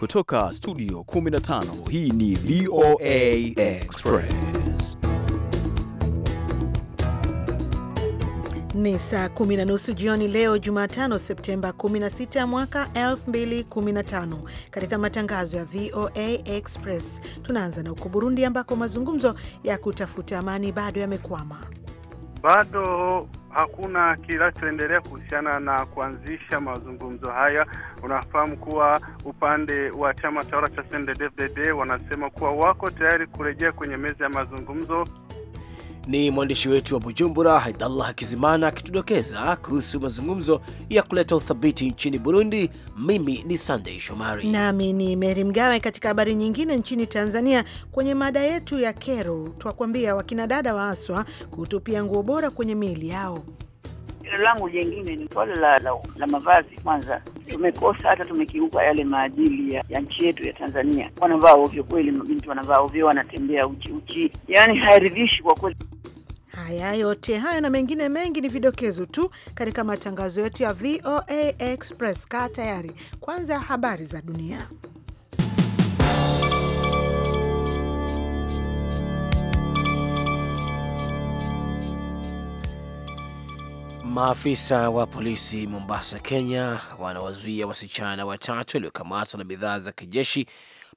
Kutoka studio 15 hii ni VOA Express. Ni saa kumi na nusu jioni leo Jumatano, Septemba 16 mwaka 2015. Katika matangazo ya VOA Express tunaanza na uko Burundi ambako mazungumzo ya kutafuta amani bado yamekwama. Bado hakuna kinachoendelea kuhusiana na kuanzisha mazungumzo haya. Unafahamu kuwa upande wa chama tawala cha CNDD-FDD wanasema kuwa wako tayari kurejea kwenye meza ya mazungumzo ni mwandishi wetu wa Bujumbura, Haidallah Hakizimana, akitudokeza kuhusu mazungumzo ya kuleta uthabiti nchini Burundi. Mimi ni Sandey Shomari nami ni Meri Mgawe. Katika habari nyingine, nchini Tanzania, kwenye mada yetu ya kero, twakwambia wakina dada waaswa kutupia nguo bora kwenye miili yao. Kero langu jengine ni swala la, la, la mavazi. Kwanza tumekosa hata tumekiuka yale maadili ya, ya nchi yetu ya Tanzania. Wanavaa ovyo kweli, mabinti wanavaa ovyo, wanatembea uchi uchi, yaani hairidhishi kwa kweli. Haya yote hayo na mengine mengi ni vidokezo tu katika matangazo yetu ya VOA Express. Kaa tayari, kwanza habari za dunia. Maafisa wa polisi Mombasa, Kenya, wanawazuia wasichana watatu waliokamatwa na bidhaa za kijeshi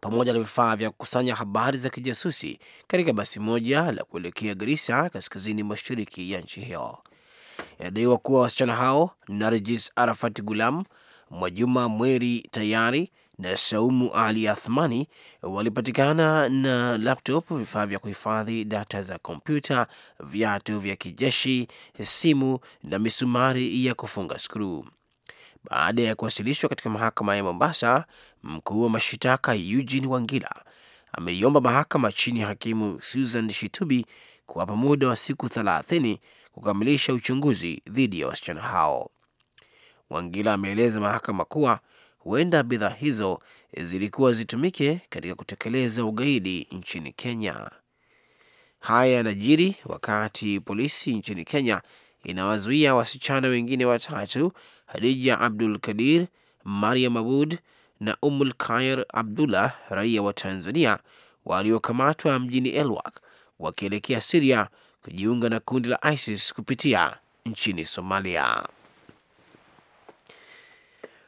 pamoja na vifaa vya kukusanya habari za kijasusi katika basi moja la kuelekea grisa kaskazini mashariki ya nchi hiyo. Inadaiwa kuwa wasichana hao Narjis Arafat Gulam, Mwajuma Mweri Tayari na Saumu Ali Athmani walipatikana na laptop, vifaa vya kuhifadhi data za kompyuta, viatu vya kijeshi, simu na misumari ya kufunga skruu baada ya kuwasilishwa katika mahakama ya Mombasa. Mkuu wa mashitaka Eugene Wangila ameiomba mahakama chini ya hakimu Susan Shitubi kuwapa muda wa siku thelathini kukamilisha uchunguzi dhidi ya wasichana hao. Wangila ameeleza mahakama kuwa huenda bidhaa hizo zilikuwa zitumike katika kutekeleza ugaidi nchini Kenya. Haya yanajiri wakati polisi nchini Kenya inawazuia wasichana wengine watatu Hadija Abdul Kadir, Mariam Abud na Umul Khair Abdullah, raia wa Tanzania waliokamatwa mjini Elwak wakielekea Siria kujiunga na kundi la ISIS kupitia nchini Somalia.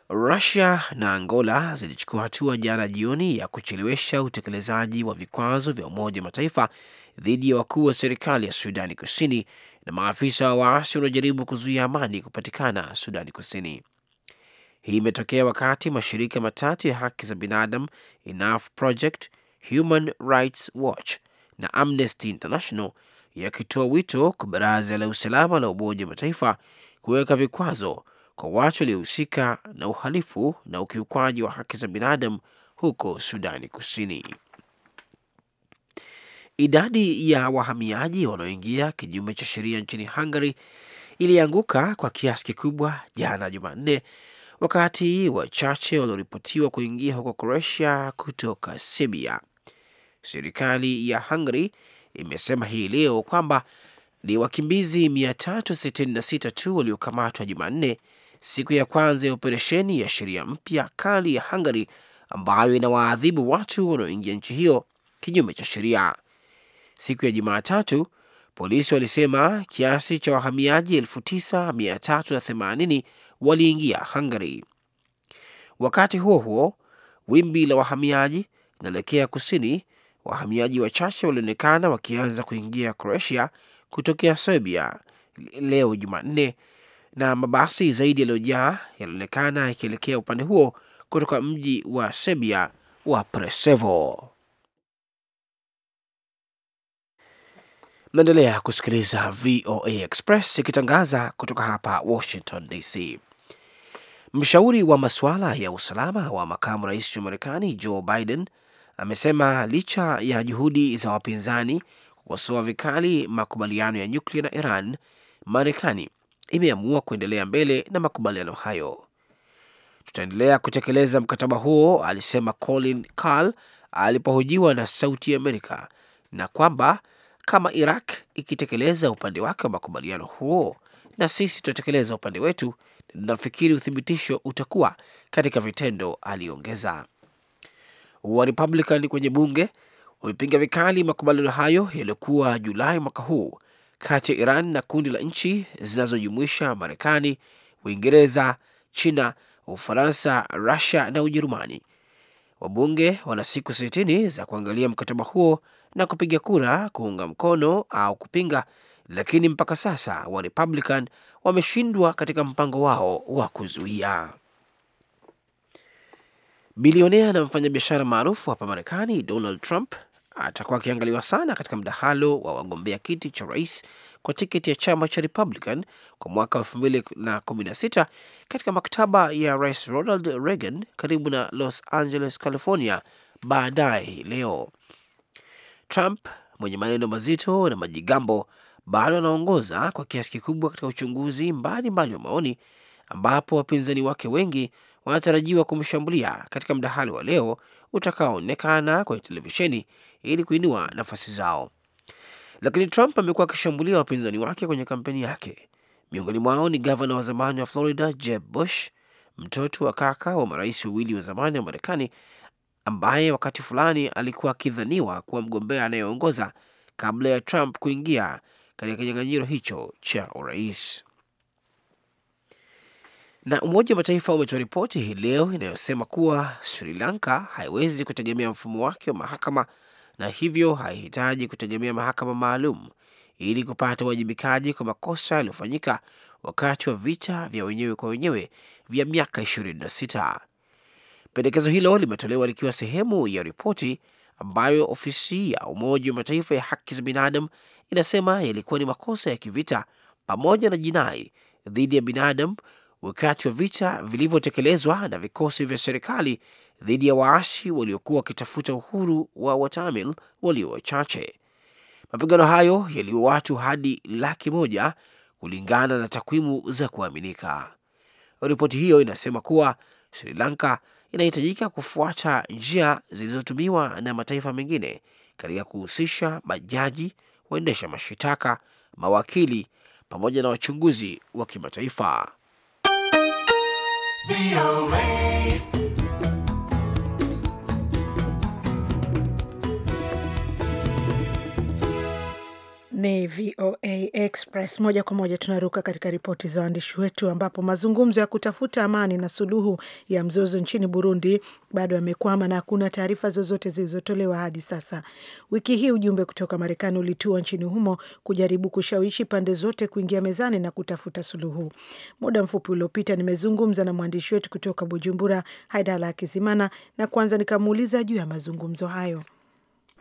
Rusia na Angola zilichukua hatua jana jioni ya kuchelewesha utekelezaji wa vikwazo vya Umoja wa Mataifa dhidi ya wakuu wa serikali ya Sudani Kusini na maafisa wa waasi wanaojaribu kuzuia amani kupatikana Sudani Kusini. Hii imetokea wakati mashirika matatu ya haki za binadamu Enough Project, Human Rights Watch na Amnesty International yakitoa wito kwa Baraza la Usalama la Umoja wa Mataifa kuweka vikwazo kwa watu waliohusika na uhalifu na ukiukwaji wa haki za binadamu huko Sudani Kusini. Idadi ya wahamiaji wanaoingia kinyume cha sheria nchini Hungary ilianguka kwa kiasi kikubwa jana Jumanne, wakati wachache walioripotiwa kuingia huko Croatia kutoka Serbia. Serikali ya Hungary imesema hii leo kwamba ni wakimbizi 366 tu waliokamatwa Jumanne, siku ya kwanza ya operesheni ya sheria mpya kali ya Hungary ambayo inawaadhibu watu wanaoingia nchi hiyo kinyume cha sheria. Siku ya Jumatatu polisi walisema kiasi cha wahamiaji 9380 waliingia Hungary. Wakati huo huo, wimbi la wahamiaji linaelekea kusini. Wahamiaji wachache walionekana wakianza kuingia Croatia kutokea Serbia leo Jumanne, na mabasi zaidi yaliyojaa yalionekana yakielekea upande huo kutoka mji wa Serbia wa Presevo. Mnaendelea kusikiliza VOA Express ikitangaza kutoka hapa Washington DC. Mshauri wa masuala ya usalama wa makamu rais wa Marekani Joe Biden amesema licha ya juhudi za wapinzani kukosoa vikali makubaliano ya nyuklia na Iran, Marekani imeamua kuendelea mbele na makubaliano hayo. Tutaendelea kutekeleza mkataba huo, alisema Colin Carl alipohojiwa na Sauti Amerika, na kwamba kama Iraq ikitekeleza upande wake wa makubaliano huo, na sisi tutatekeleza upande wetu, na tunafikiri uthibitisho utakuwa katika vitendo, aliongeza. Warepublican kwenye bunge wamepinga vikali makubaliano hayo yaliyokuwa Julai mwaka huu kati ya Iran na kundi la nchi zinazojumuisha Marekani, Uingereza, China, Ufaransa, Rusia na Ujerumani. Wabunge wana siku sitini za kuangalia mkataba huo na kupiga kura kuunga mkono au kupinga, lakini mpaka sasa wa Republican wameshindwa katika mpango wao wa kuzuia. Bilionea na mfanyabiashara maarufu hapa Marekani Donald Trump atakuwa akiangaliwa sana katika mdahalo wa wagombea kiti cha rais kwa tiketi ya chama cha Republican kwa mwaka elfu mbili na kumi na sita katika maktaba ya Rais Ronald Reagan karibu na Los Angeles, California baadaye leo. Trump mwenye maneno mazito na majigambo bado anaongoza kwa kiasi kikubwa katika uchunguzi mbalimbali wa maoni, ambapo wapinzani wake wengi wanatarajiwa kumshambulia katika mdahalo wa leo utakaoonekana kwenye televisheni ili kuinua nafasi zao. Lakini Trump amekuwa akishambulia wapinzani wake kwenye kampeni yake. Miongoni mwao ni gavana wa zamani wa Florida Jeb Bush, mtoto wa kaka wa marais wawili wa zamani wa Marekani ambaye wakati fulani alikuwa akidhaniwa kuwa mgombea anayeongoza kabla ya Trump kuingia katika kinyang'anyiro hicho cha urais. Na Umoja wa Mataifa umetoa ripoti hii leo inayosema kuwa Sri Lanka haiwezi kutegemea mfumo wake wa mahakama na hivyo haihitaji kutegemea mahakama maalum ili kupata uwajibikaji kwa makosa yaliyofanyika wakati wa vita vya wenyewe kwa wenyewe vya miaka sita Pendekezo hilo limetolewa likiwa sehemu ya ripoti ambayo ofisi ya Umoja wa Mataifa ya haki za binadamu inasema yalikuwa ni makosa ya kivita pamoja na jinai dhidi ya binadamu wakati wa vita vilivyotekelezwa na vikosi vya serikali dhidi ya waashi waliokuwa wakitafuta uhuru wa Watamil walio wachache. Mapigano hayo yaliyo watu hadi laki moja kulingana na takwimu za kuaminika. Ripoti hiyo inasema kuwa Sri Lanka inahitajika kufuata njia zilizotumiwa na mataifa mengine katika kuhusisha majaji, waendesha mashitaka, mawakili pamoja na wachunguzi wa kimataifa. VOA Express moja kwa moja tunaruka katika ripoti za waandishi wetu, ambapo mazungumzo ya kutafuta amani na suluhu ya mzozo nchini Burundi bado yamekwama na hakuna taarifa zozote zilizotolewa hadi sasa. Wiki hii ujumbe kutoka Marekani ulitua nchini humo kujaribu kushawishi pande zote kuingia mezani na kutafuta suluhu. Muda mfupi uliopita, nimezungumza na mwandishi wetu kutoka Bujumbura, Haidala Akizimana, na kwanza nikamuuliza juu ya mazungumzo hayo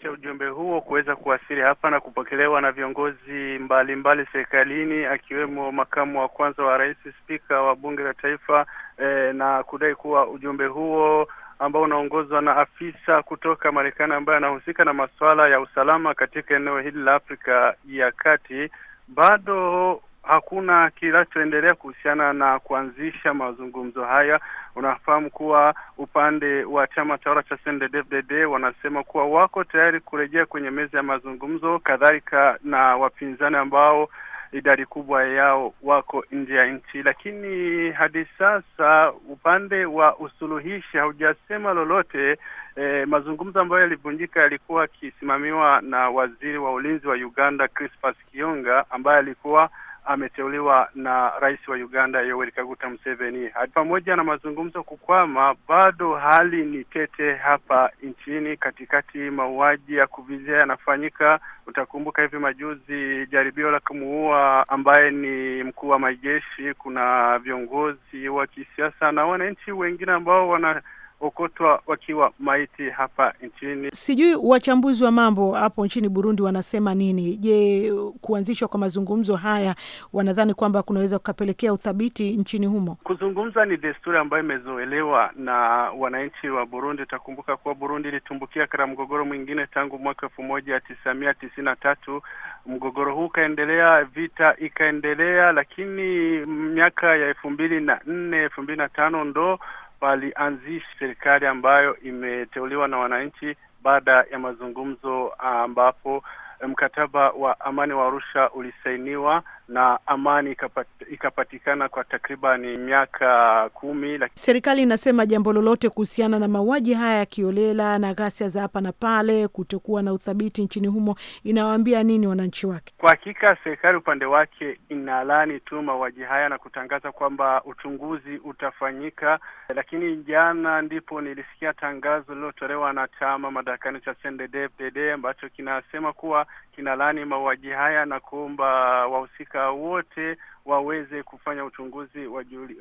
cha ujumbe huo kuweza kuwasili hapa na kupokelewa na viongozi mbalimbali serikalini akiwemo makamu wa kwanza wa rais, spika wa bunge la taifa eh, na kudai kuwa ujumbe huo ambao unaongozwa na afisa kutoka Marekani ambaye anahusika na masuala ya usalama katika eneo hili la Afrika ya Kati bado hakuna kinachoendelea kuhusiana na kuanzisha mazungumzo haya. Unafahamu kuwa upande wa chama tawala cha CNDD-FDD wanasema kuwa wako tayari kurejea kwenye meza ya mazungumzo, kadhalika na wapinzani ambao idadi kubwa yao wako nje ya nchi, lakini hadi sasa upande wa usuluhishi haujasema lolote. E, mazungumzo ambayo yalivunjika yalikuwa akisimamiwa na waziri wa ulinzi wa Uganda Crispas Kionga ambaye alikuwa ameteuliwa na rais wa Uganda Yoweri Kaguta Museveni. Pamoja na mazungumzo kukwama, bado hali ni tete hapa nchini katikati, mauaji ya kuvizia yanafanyika. Utakumbuka hivi majuzi jaribio la kumuua ambaye ni mkuu wa majeshi. Kuna viongozi wa kisiasa na wananchi wengine ambao wana waliokotwa wakiwa maiti hapa nchini. Sijui wachambuzi wa mambo hapo nchini Burundi wanasema nini? Je, kuanzishwa kwa mazungumzo haya wanadhani kwamba kunaweza kukapelekea uthabiti nchini humo? Kuzungumza ni desturi ambayo imezoelewa na wananchi wa Burundi. Utakumbuka kuwa Burundi ilitumbukia katika mgogoro mwingine tangu mwaka elfu moja tisa mia tisini na tatu. Mgogoro huu ukaendelea, vita ikaendelea, lakini miaka ya elfu mbili na nne elfu mbili na tano ndo walianzisha serikali ambayo imeteuliwa na wananchi baada ya mazungumzo ambapo mkataba wa amani wa Arusha ulisainiwa na amani ikapat, ikapatikana kwa takribani miaka kumi. Serikali inasema jambo lolote kuhusiana na mauaji haya ya kiolela na ghasia za hapa na pale, kutokuwa na uthabiti nchini humo, inawaambia nini wananchi wake? Kwa hakika, serikali upande wake inalani tu mauaji haya na kutangaza kwamba uchunguzi utafanyika, lakini jana ndipo nilisikia tangazo lililotolewa na chama madarakani cha CNDD-FDD ambacho kinasema kuwa kinalani mauaji haya na kuomba wahusika wote waweze kufanya uchunguzi wajuli,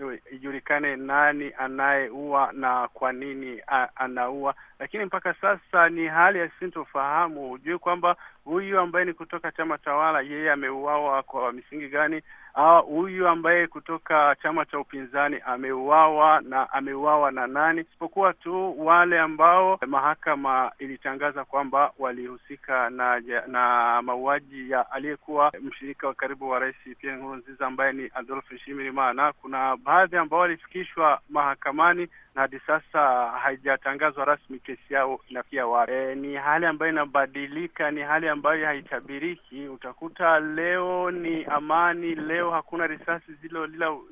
eh, nani anayeua na kwa nini anaua. Lakini mpaka sasa ni hali ya sintofahamu, hujui kwamba huyu ambaye ni kutoka chama tawala yeye ameuawa kwa misingi gani Ah, huyu ambaye kutoka chama cha upinzani ameuawa na ameuawa na nani, isipokuwa tu wale ambao mahakama ilitangaza kwamba walihusika na na mauaji ya aliyekuwa mshirika wa karibu wa rais Pierre Nkurunziza ambaye ni Adolf Nshimirimana. Kuna baadhi ambao walifikishwa mahakamani na hadi sasa haijatangazwa rasmi kesi yao inafikia wapi. E, ni hali ambayo inabadilika, ni hali ambayo haitabiriki. Utakuta leo ni amani, leo hakuna risasi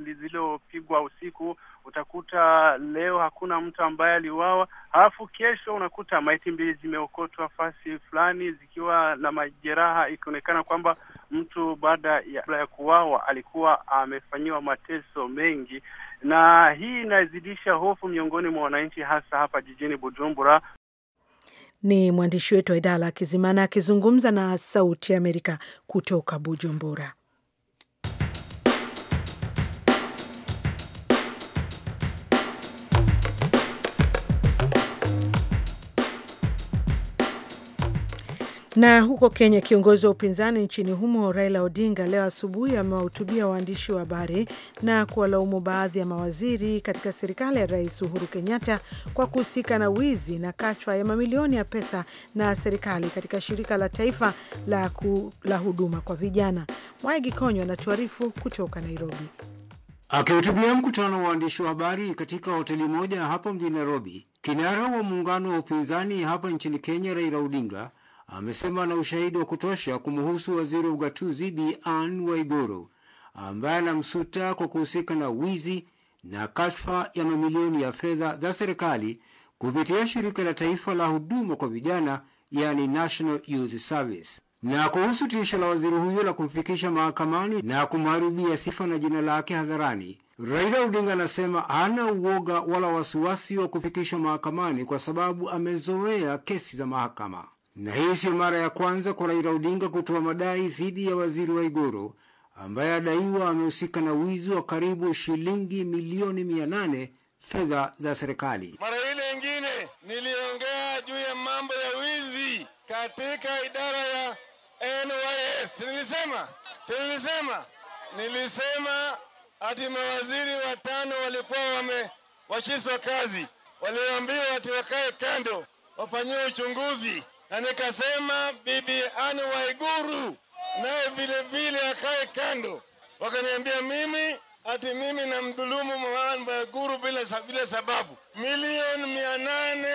zilizopigwa usiku, utakuta leo hakuna mtu ambaye aliuawa, halafu kesho unakuta maiti mbili zimeokotwa fasi fulani zikiwa na majeraha, ikionekana kwamba mtu baada ya, ya kuuawa alikuwa amefanyiwa mateso mengi, na hii inazidisha hofu miongoni mwa wananchi, hasa hapa jijini Bujumbura. Ni mwandishi wetu wa idara Kizimana akizungumza na Sauti ya Amerika kutoka Bujumbura. Na huko Kenya, kiongozi wa upinzani nchini humo Raila Odinga leo asubuhi amewahutubia waandishi wa habari na kuwalaumu baadhi ya mawaziri katika serikali ya Rais Uhuru Kenyatta kwa kuhusika na wizi na kashfa ya mamilioni ya pesa na serikali katika shirika la taifa la, ku, la huduma kwa vijana. Mwaigi Konyo anatuarifu kutoka Nairobi. Akihutubia mkutano wa waandishi wa habari katika hoteli moja hapa mjini Nairobi, kinara wa muungano wa upinzani hapa nchini Kenya Raila Odinga amesema ana ushahidi wa kutosha kumhusu waziri wa ugatuzi Bi Anne Waiguru ambaye anamsuta kwa kuhusika na wizi na kashfa ya mamilioni ya fedha za serikali kupitia shirika la taifa la huduma kwa vijana yani National Youth Service. Na kuhusu tisho la waziri huyo la kumfikisha mahakamani na kumharibia sifa na jina lake hadharani, Raila Odinga anasema hana uoga wala wasiwasi wa kufikishwa mahakamani kwa sababu amezoea kesi za mahakama. Na hii sio mara ya kwanza kwa Raila Odinga kutoa madai dhidi ya waziri wa Igoro ambaye adaiwa amehusika na wizi wa karibu shilingi milioni mia nane fedha za serikali. Mara ile ingine niliongea juu ya mambo ya wizi katika idara ya NYS. Nilisema nilisema nilisema ati mawaziri watano walikuwa wamewachiswa kazi, waliambiwa ati wakae kando wafanyiwe uchunguzi na nikasema bibi Anne Waiguru naye vile vile akae kando. Wakaniambia mimi ati mimi na mdhulumu Mohamed Waiguru bila, bila sababu. Milioni mia nane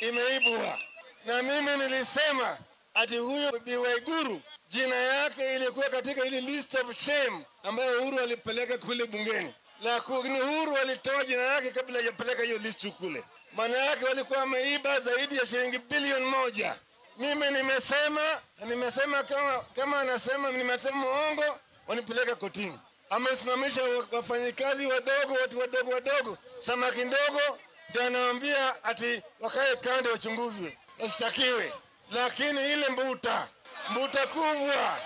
imeibwa, na mimi nilisema ati huyo Bibi Waiguru jina yake ilikuwa katika ile list of shame ambayo Uhuru alipeleka kule bungeni, lakini Uhuru alitoa jina yake kabla hajapeleka hiyo list kule maana yake walikuwa wameiba zaidi ya shilingi bilioni moja. Mimi nimesema nimesema kama kama anasema nimesema mwongo, wanipeleka kotini. Amesimamisha wafanyikazi wadogo, watu wadogo wadogo, samaki ndogo, ndio anawambia ati wakae kando, wachunguzwe, wasitakiwe. Lakini ile mbuta mbuta kubwa.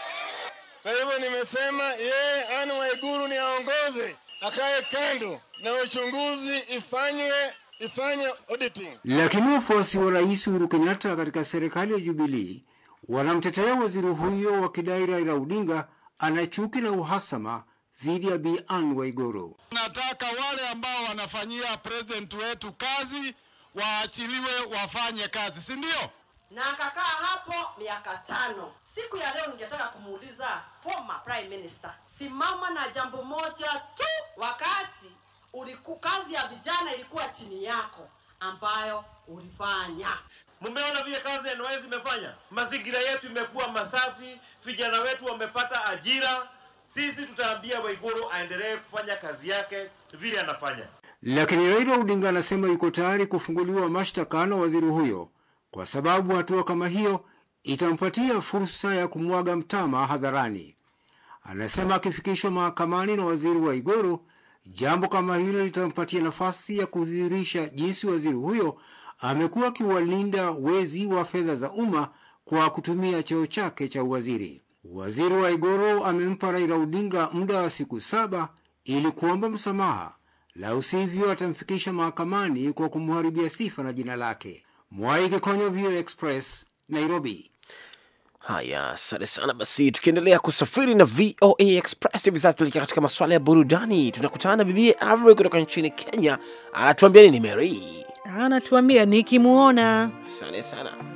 Kwa hivyo nimesema yeye Anne Waiguru ni aongoze, akae kando na uchunguzi ifanywe ifanye auditing. Lakini wafuasi wa Rais Uhuru Kenyatta katika serikali ya Jubilee wanamtetea waziri huyo wakidai Raila Odinga ana chuki na uhasama dhidi ya Bi waigoro Waiguru. Nataka wale ambao wanafanyia president wetu kazi waachiliwe wafanye kazi, si ndio? Na akakaa hapo miaka tano. Siku ya leo ningetaka kumuuliza former prime minister, simama na jambo moja tu wakati uliku, kazi ya vijana ilikuwa chini yako ambayo ulifanya. Mmeona vile kazi NYS imefanya, mazingira yetu imekuwa masafi, vijana wetu wamepata ajira. Sisi tutaambia Waiguru aendelee kufanya kazi yake vile anafanya. Lakini Raila Odinga anasema yuko tayari kufunguliwa mashtaka na waziri huyo kwa sababu hatua kama hiyo itampatia fursa ya kumwaga mtama hadharani. Anasema akifikishwa mahakamani na waziri Waiguru Jambo kama hilo litampatia nafasi ya kudhihirisha jinsi waziri huyo amekuwa akiwalinda wezi wa fedha za umma kwa kutumia cheo chake cha uwaziri. Waziri wa Igoro amempa Raila Odinga muda wa siku saba ili kuomba msamaha, la usivyo atamfikisha mahakamani kwa kumharibia sifa na jina lake. Mwai Kikonyo, VOA Express, Nairobi. Haya, asante sana. Basi tukiendelea kusafiri na VOA Express hivi sasa, tuelekea katika masuala ya burudani. Tunakutana na bibi Avery kutoka nchini Kenya. Anatuambia nini Mary? Anatuambia nikimuona. Asante sana.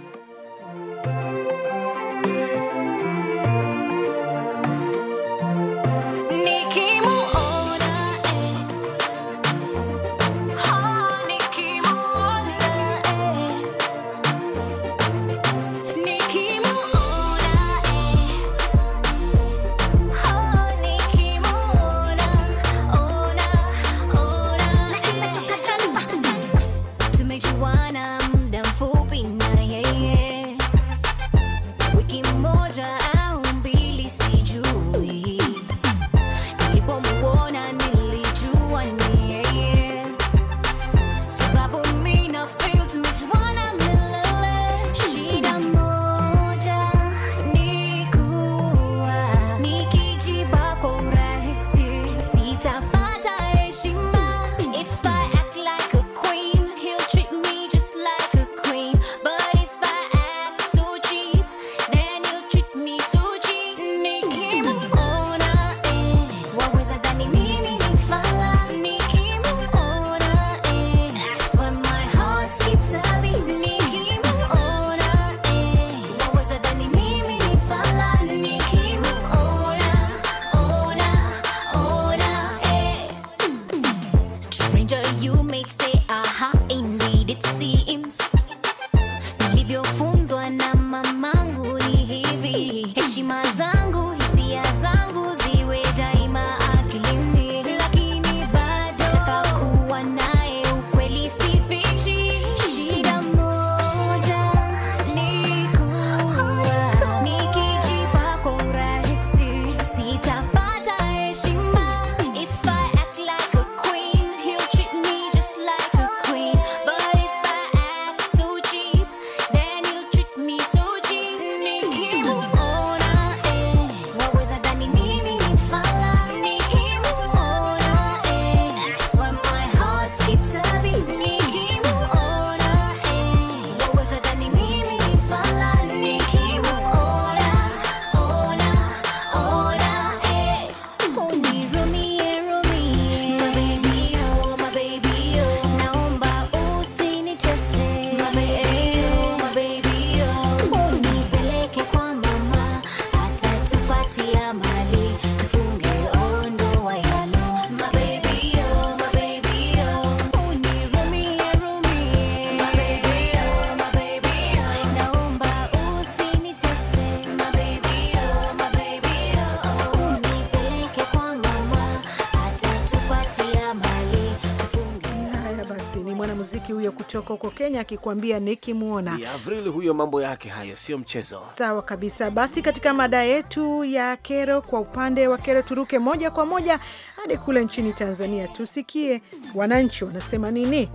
mwanamuziki huyo kutoka huko Kenya akikuambia nikimwona. Avril huyo, mambo yake hayo sio mchezo. Sawa kabisa. Basi katika mada yetu ya kero, kwa upande wa kero, turuke moja kwa moja hadi kule nchini Tanzania, tusikie wananchi wanasema nini.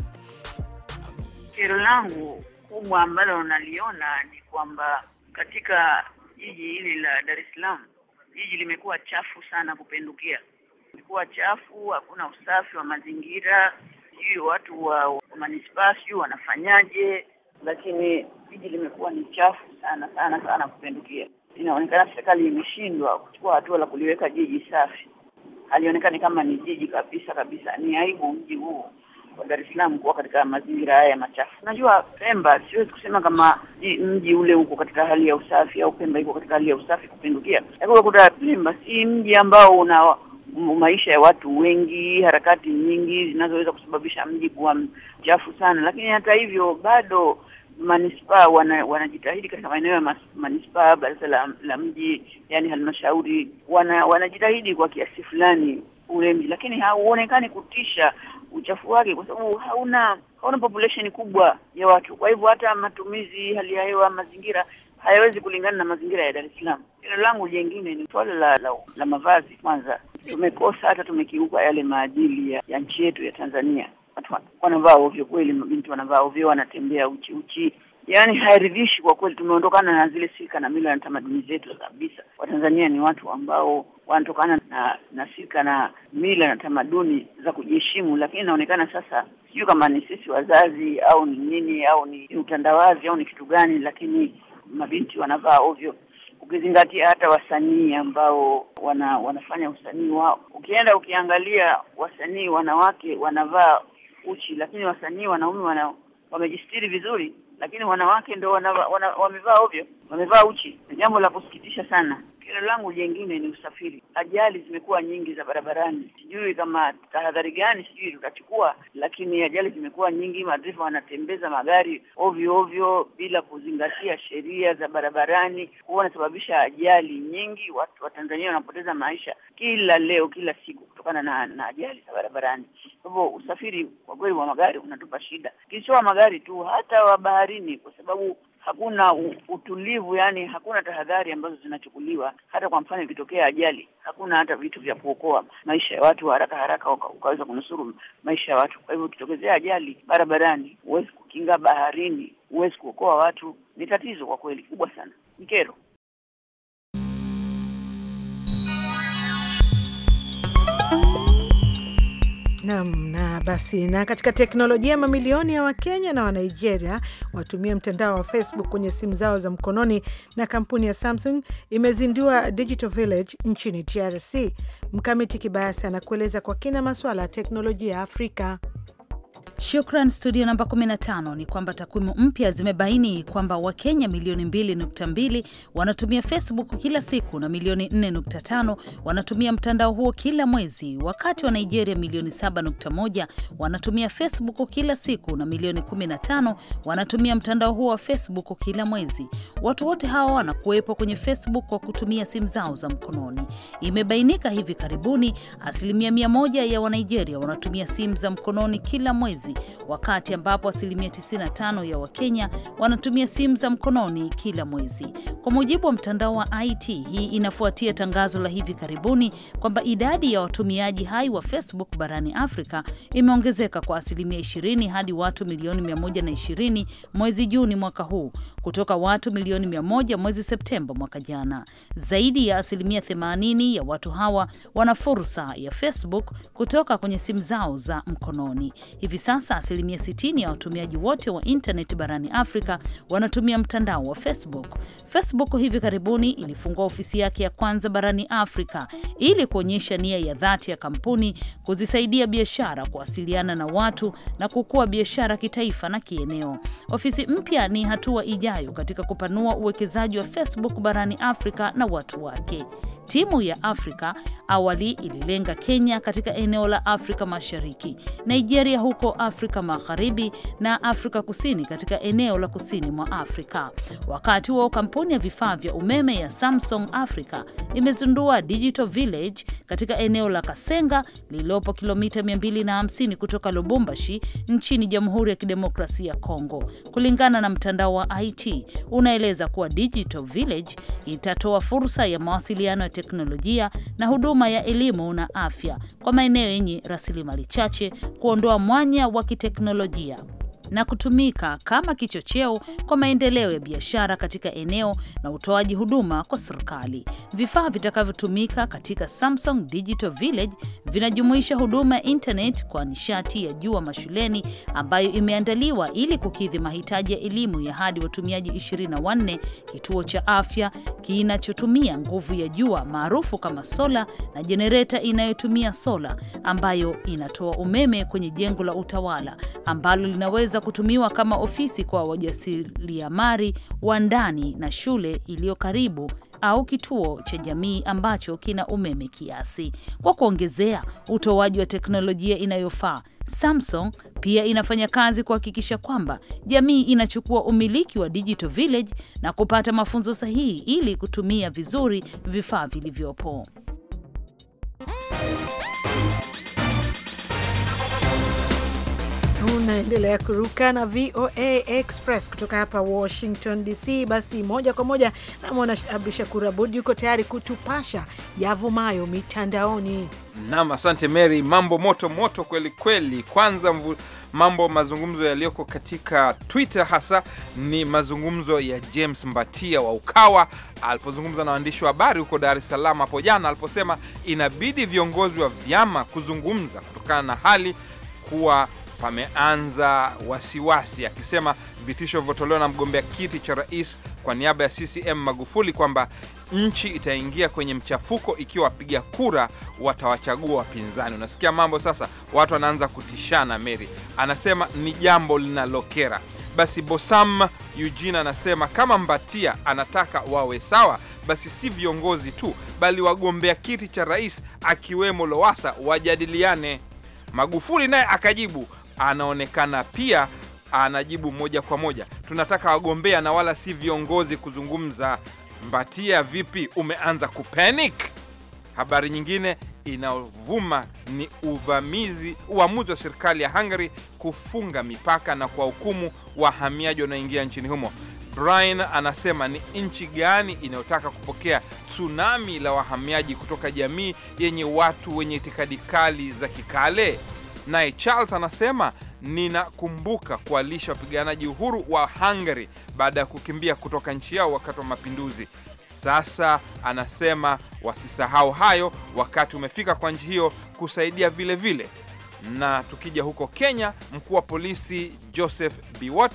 Kero langu kubwa ambalo naliona ni kwamba katika jiji hili la Dar es Salaam, jiji limekuwa chafu sana kupindukia, limekuwa chafu, hakuna usafi wa mazingira sijui watu wa manispaa sijui wanafanyaje, lakini jiji limekuwa ni chafu sana sana sana kupindukia. Inaonekana serikali imeshindwa kuchukua hatua la kuliweka jiji safi, halionekani kama ni jiji kabisa kabisa. Ni aibu mji huu wa Dar es Salaam kuwa katika mazingira haya machafu. Najua Pemba, siwezi kusema kama mji ule uko katika hali ya usafi au Pemba iko katika hali ya usafi kupindukia, lakini unakuta Pemba si mji ambao una maisha ya watu wengi, harakati nyingi zinazoweza kusababisha mji kuwa mchafu sana. Lakini hata hivyo bado manispaa wana, wanajitahidi katika maeneo ya manispaa, baraza la, la mji, yani halmashauri, wana wanajitahidi kwa kiasi fulani ule mji, lakini hauonekani kutisha uchafu wake kwa sababu hauna hauna population kubwa ya watu. Kwa hivyo hata matumizi, hali ya hewa, mazingira haiwezi kulingana na mazingira ya Dar es Salaam. Neno langu jengine ni swala la, la, la mavazi. Kwanza tumekosa hata tumekiuka yale maadili ya, ya nchi yetu ya Tanzania. Watu wanavaa ovyo kweli, mabinti wanavaa ovyo, wanatembea uchi uchi Yaani hairidhishi kwa kweli. Tumeondokana na zile silka na mila na tamaduni zetu kabisa. Watanzania ni watu ambao wanatokana na, na silka na mila na tamaduni za kujiheshimu, lakini inaonekana sasa, sijui kama ni sisi wazazi au ni nini au ni utandawazi au ni kitu gani, lakini mabinti wanavaa ovyo, ukizingatia hata wasanii ambao wana, wanafanya usanii wao. Ukienda ukiangalia wasanii wanawake wanavaa uchi, lakini wasanii wanaume wana, wamejistiri vizuri, lakini wanawake ndo wana, wamevaa ovyo, wamevaa uchi. Ni jambo la kusikitisha sana. Kero langu jengine ni usafiri. Ajali zimekuwa nyingi za barabarani, sijui kama tahadhari gani sijui tutachukua, lakini ajali zimekuwa nyingi. Madereva wanatembeza magari ovyo ovyo bila kuzingatia sheria za barabarani, huwa wanasababisha ajali nyingi. Watu Watanzania wanapoteza maisha kila leo, kila siku kutokana na, na ajali za barabarani. Kwa hivyo usafiri kwa kweli wa magari unatupa shida, kisiwa magari tu, hata wa baharini, kwa sababu hakuna utulivu, yani hakuna tahadhari ambazo zinachukuliwa. Hata kwa mfano, ikitokea ajali, hakuna hata vitu vya kuokoa maisha ya watu haraka haraka ukaweza kunusuru maisha ya watu. Kwa hivyo, ukitokezea ajali barabarani, huwezi kukinga, baharini huwezi kuokoa watu. Ni tatizo kwa kweli kubwa sana, ni kero. Nam na basi. Na katika teknolojia, mamilioni ya Wakenya na Wanigeria watumia mtandao wa Facebook kwenye simu zao za mkononi, na kampuni ya Samsung imezindua Digital Village nchini DRC. Mkamiti Kibayasi anakueleza kwa kina masuala ya teknolojia ya Afrika. Shukran. Studio namba 15 ni kwamba takwimu mpya zimebaini kwamba Wakenya milioni 2.2 wanatumia Facebook kila siku na milioni 4.5 wanatumia mtandao huo kila mwezi, wakati wa Nigeria milioni 7.1 wanatumia Facebook kila siku na milioni 15 wanatumia mtandao huo wa Facebook kila mwezi. Watu wote hawa wanakuwepo kwenye Facebook kwa kutumia simu zao za mkononi. Imebainika hivi karibuni asilimia 100 ya Wanigeria wanatumia simu za mkononi kila mwezi mwezi, wakati ambapo asilimia 95 ya Wakenya wanatumia simu za mkononi kila mwezi, kwa mujibu wa mtandao wa IT. Hii inafuatia tangazo la hivi karibuni kwamba idadi ya watumiaji hai wa Facebook barani Afrika imeongezeka kwa asilimia 20 hadi watu milioni 120 mwezi Juni mwaka huu kutoka watu milioni 100 mwezi Septemba mwaka jana. Zaidi ya asilimia 80 ya watu hawa wana fursa ya Facebook kutoka kwenye simu zao za mkononi hivi sasa sasa asilimia 60 ya watumiaji wote wa intaneti barani Afrika wanatumia mtandao wa Facebook. Facebook hivi karibuni ilifungua ofisi yake ya kwanza barani Afrika ili kuonyesha nia ya dhati ya kampuni kuzisaidia biashara kuwasiliana na watu na kukua biashara kitaifa na kieneo. Ofisi mpya ni hatua ijayo katika kupanua uwekezaji wa Facebook barani Afrika na watu wake. Timu ya Afrika awali ililenga Kenya katika eneo la Afrika Mashariki, Nigeria huko Afrika Magharibi na Afrika Kusini katika eneo la kusini mwa Afrika. Wakati huo, kampuni ya vifaa vya umeme ya Samsung Africa imezindua Digital Village katika eneo la Kasenga lililopo kilomita 250 kutoka Lubumbashi nchini Jamhuri ya Kidemokrasia ya Kongo. Kulingana na mtandao wa IT, unaeleza kuwa Digital Village itatoa fursa ya mawasiliano teknolojia na huduma ya elimu na afya kwa maeneo yenye rasilimali chache, kuondoa mwanya wa kiteknolojia na kutumika kama kichocheo kwa maendeleo ya biashara katika eneo na utoaji huduma kwa serikali. Vifaa vitakavyotumika katika Samsung Digital Village vinajumuisha huduma ya kwa nishati ya jua mashuleni ambayo imeandaliwa ili kukidhi mahitaji ya elimu ya hadi watumiaji 24, kituo cha afya kinachotumia nguvu ya jua maarufu kama sola na jenereta inayotumia sola ambayo inatoa umeme kwenye jengo la utawala ambalo linaweza inaweza kutumiwa kama ofisi kwa wajasiriamali wa ndani na shule iliyo karibu au kituo cha jamii ambacho kina umeme kiasi. Kwa kuongezea utoaji wa teknolojia inayofaa, Samsung pia inafanya kazi kuhakikisha kwamba jamii inachukua umiliki wa Digital Village na kupata mafunzo sahihi ili kutumia vizuri vifaa vilivyopo. Unaendelea kuruka na VOA Express kutoka hapa Washington DC. Basi moja kwa moja namwona Abdu Shakur Abud yuko tayari kutupasha yavumayo mitandaoni. Nam, asante Mary, mambo moto moto kweli kweli. Kwanza mvu, mambo mazungumzo yaliyoko katika Twitter hasa ni mazungumzo ya James Mbatia wa Ukawa alipozungumza na waandishi wa habari huko Dar es Salaam hapo jana, aliposema inabidi viongozi wa vyama kuzungumza kutokana na hali kuwa pameanza wasiwasi, akisema vitisho vilivyotolewa na mgombea kiti cha rais kwa niaba ya CCM Magufuli kwamba nchi itaingia kwenye mchafuko ikiwa wapiga kura watawachagua wapinzani. Unasikia mambo sasa, watu wanaanza kutishana. Mary anasema ni jambo linalokera. Basi Bosam Eugene anasema kama Mbatia anataka wawe sawa, basi si viongozi tu, bali wagombea kiti cha rais akiwemo Lowasa wajadiliane. Magufuli naye akajibu, anaonekana pia anajibu moja kwa moja, tunataka wagombea na wala si viongozi kuzungumza. Mbatia, vipi, umeanza kupanic? Habari nyingine inayovuma ni uvamizi, uamuzi wa serikali ya Hungary kufunga mipaka na kwa hukumu wahamiaji wanaoingia nchini humo. Brian anasema ni nchi gani inayotaka kupokea tsunami la wahamiaji kutoka jamii yenye watu wenye itikadi kali za kikale? Naye Charles anasema ninakumbuka kuwalisha wapiganaji uhuru wa Hungary baada ya kukimbia kutoka nchi yao wakati wa mapinduzi. Sasa anasema wasisahau hayo, wakati umefika kwa nchi hiyo kusaidia vile vile. Na tukija huko Kenya, mkuu wa polisi Joseph Biwot,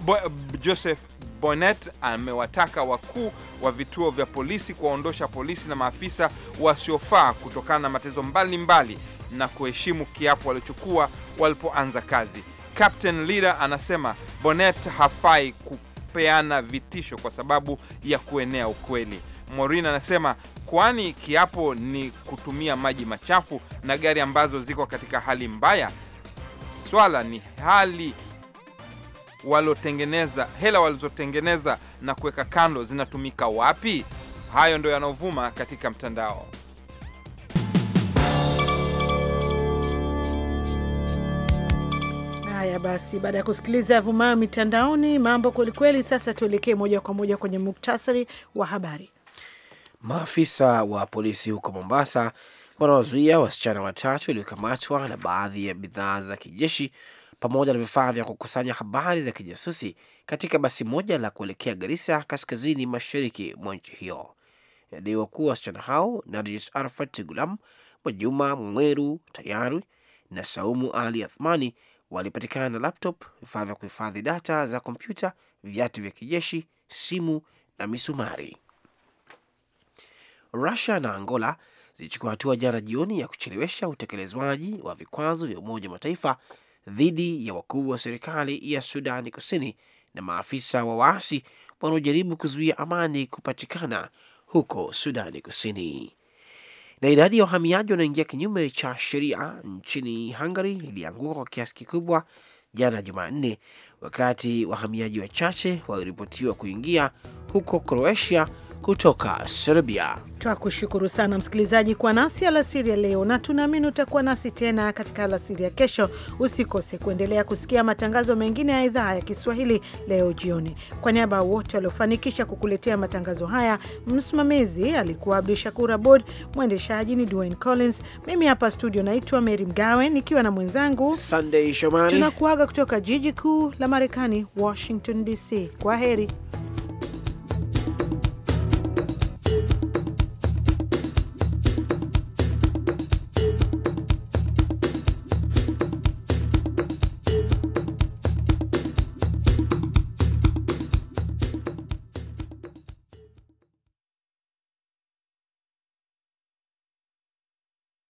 Bo, Joseph Bonet amewataka wakuu wa vituo vya polisi kuwaondosha polisi na maafisa wasiofaa kutokana na matezo mbalimbali na kuheshimu kiapo walichukua walipoanza kazi. Captain Leader anasema Bonet hafai kupeana vitisho kwa sababu ya kuenea ukweli. Maureen anasema kwani kiapo ni kutumia maji machafu na gari ambazo ziko katika hali mbaya. Swala ni hali walotengeneza, hela walizotengeneza na kuweka kando zinatumika wapi? Hayo ndio yanayovuma katika mtandao. basi, baada ya kusikiliza yavumayo mitandaoni, mambo kwelikweli. Sasa tuelekee moja kwa moja kwenye muktasari wa habari. Maafisa wa polisi huko Mombasa wanawazuia wasichana watatu waliokamatwa na baadhi ya bidhaa za kijeshi pamoja na vifaa vya kukusanya habari za kijasusi katika basi moja la kuelekea garisa kaskazini mashariki mwa nchi hiyo. Inadaiwa kuwa wasichana hao Narjis Arfat Gulam, Mwajuma Mweru Tayari na Saumu Ali Athmani walipatikana na laptop, vifaa vya kuhifadhi data za kompyuta, viatu vya kijeshi, simu na misumari. Rusia na Angola zilichukua hatua jana jioni ya kuchelewesha utekelezwaji wa vikwazo vya Umoja wa Mataifa dhidi ya wakuu wa serikali ya Sudani Kusini na maafisa wa waasi wanaojaribu kuzuia amani kupatikana huko Sudani Kusini. Na idadi ya wahamiaji wanaoingia kinyume cha sheria nchini Hungary ilianguka kwa kiasi kikubwa jana Jumanne, wakati wahamiaji wachache waliripotiwa kuingia huko Croatia kutoka Serbia. Twakushukuru sana msikilizaji kwa nasi alasiri ya leo, na tunaamini utakuwa nasi tena katika alasiri ya kesho. Usikose kuendelea kusikia matangazo mengine ya idhaa ya Kiswahili leo jioni. Kwa niaba ya wote waliofanikisha kukuletea matangazo haya, msimamizi alikuwa Abdu Shakur Abod, mwendeshaji ni Dwayne Collins, mimi hapa studio naitwa mery Mgawe nikiwa na mwenzangu Sunday Shomari. Tunakuaga kutoka jiji kuu la Marekani, Washington DC. Kwa heri.